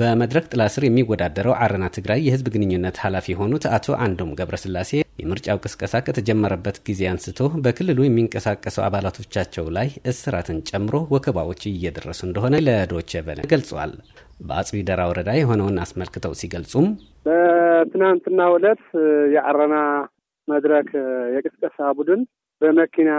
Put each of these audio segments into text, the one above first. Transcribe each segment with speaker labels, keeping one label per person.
Speaker 1: በመድረክ ጥላ ስር የሚወዳደረው አረና ትግራይ የህዝብ ግንኙነት ኃላፊ የሆኑት አቶ አንዶም ገብረስላሴ የምርጫው ቅስቀሳ ከተጀመረበት ጊዜ አንስቶ በክልሉ የሚንቀሳቀሰው አባላቶቻቸው ላይ እስራትን ጨምሮ ወከባዎች እየደረሱ እንደሆነ ለዶቼ ቬለ ገልጿል። በአጽቢ ደራ ወረዳ የሆነውን አስመልክተው ሲገልጹም
Speaker 2: በትናንትና ዕለት የአረና መድረክ የቅስቀሳ ቡድን በመኪና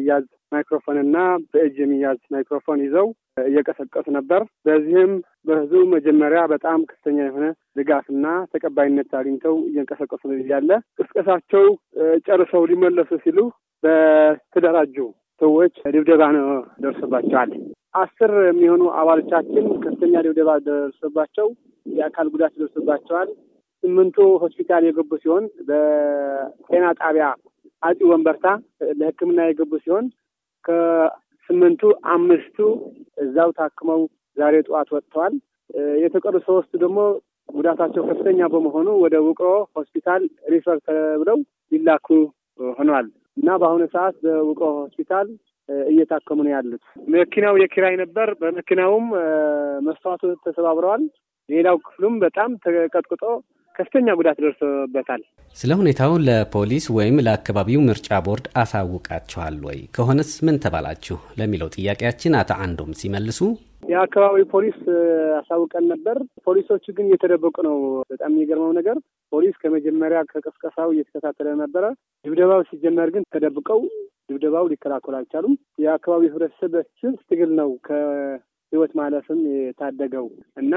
Speaker 2: እያዝ ማይክሮፎን እና በእጅ የሚያዝ ማይክሮፎን ይዘው እየቀሰቀሱ ነበር። በዚህም በህዝቡ መጀመሪያ በጣም ከፍተኛ የሆነ ድጋፍና ተቀባይነት አግኝተው እየንቀሰቀሱ ያለ ቅስቀሳቸው ጨርሰው ሊመለሱ ሲሉ በተደራጁ ሰዎች ድብደባ ነው ደርሶባቸዋል። አስር የሚሆኑ አባሎቻችን ከፍተኛ ድብደባ ደርሶባቸው የአካል ጉዳት ደርሶባቸዋል። ስምንቱ ሆስፒታል የገቡ ሲሆን በጤና ጣቢያ አጢ ወንበርታ ለሕክምና የገቡ ሲሆን ከስምንቱ አምስቱ እዛው ታክመው ዛሬ ጠዋት ወጥተዋል። የተቀሩ ሶስቱ ደግሞ ጉዳታቸው ከፍተኛ በመሆኑ ወደ ውቅሮ ሆስፒታል ሪፈር ተብለው ሊላኩ ሆኗል እና በአሁኑ ሰዓት በውቅሮ ሆስፒታል እየታከሙ ነው ያሉት። መኪናው የኪራይ ነበር። በመኪናውም መስተዋቱ ተሰባብረዋል። ሌላው ክፍሉም በጣም ተቀጥቅጦ ከፍተኛ ጉዳት ደርሶበታል።
Speaker 1: ስለ ሁኔታው ለፖሊስ ወይም ለአካባቢው ምርጫ ቦርድ አሳውቃችኋል ወይ? ከሆነስ ምን ተባላችሁ ለሚለው ጥያቄያችን አቶ አንዶም ሲመልሱ
Speaker 2: የአካባቢ ፖሊስ አሳውቀን ነበር። ፖሊሶቹ ግን እየተደበቁ ነው። በጣም የሚገርመው ነገር ፖሊስ ከመጀመሪያ ከቅስቀሳው እየተከታተለ ነበረ። ድብደባው ሲጀመር ግን ተደብቀው ድብደባው ሊከላከሉ አልቻሉም። የአካባቢው ህብረተሰብ በስንት ትግል ነው ከህይወት ማለፍም የታደገው እና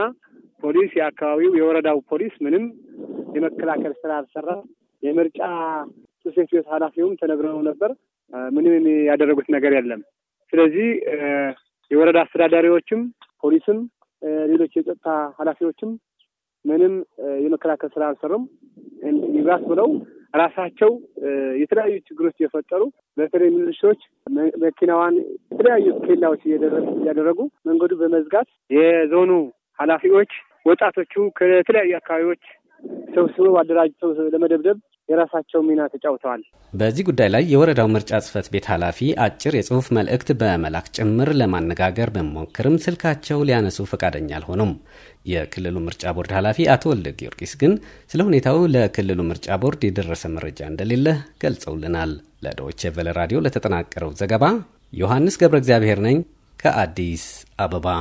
Speaker 2: ፖሊስ የአካባቢው የወረዳው ፖሊስ ምንም የመከላከል ስራ አልሰራ። የምርጫ ጽሕፈት ቤት ኃላፊውም ተነግረው ነበር። ምንም ያደረጉት ነገር የለም። ስለዚህ የወረዳ አስተዳዳሪዎችም ፖሊስም ሌሎች የጸጥታ ኃላፊዎችም ምንም የመከላከል ስራ አልሰሩም። ይባስ ብለው ራሳቸው የተለያዩ ችግሮች እየፈጠሩ በተለይ ምልሾች መኪናዋን የተለያዩ ኬላዎች እያደረጉ መንገዱ በመዝጋት የዞኑ ኃላፊዎች ወጣቶቹ ከተለያዩ አካባቢዎች ሰብስበው አደራጅተው ለመደብደብ የራሳቸው ሚና ተጫውተዋል።
Speaker 1: በዚህ ጉዳይ ላይ የወረዳው ምርጫ ጽህፈት ቤት ኃላፊ አጭር የጽሁፍ መልእክት በመላክ ጭምር ለማነጋገር በመሞክርም ስልካቸው ሊያነሱ ፈቃደኛ አልሆኑም። የክልሉ ምርጫ ቦርድ ኃላፊ አቶ ወልደ ጊዮርጊስ ግን ስለ ሁኔታው ለክልሉ ምርጫ ቦርድ የደረሰ መረጃ እንደሌለ ገልጸውልናል። ለዶይቼ ቬለ ራዲዮ ለተጠናቀረው ዘገባ ዮሐንስ ገብረ እግዚአብሔር ነኝ ከአዲስ አበባ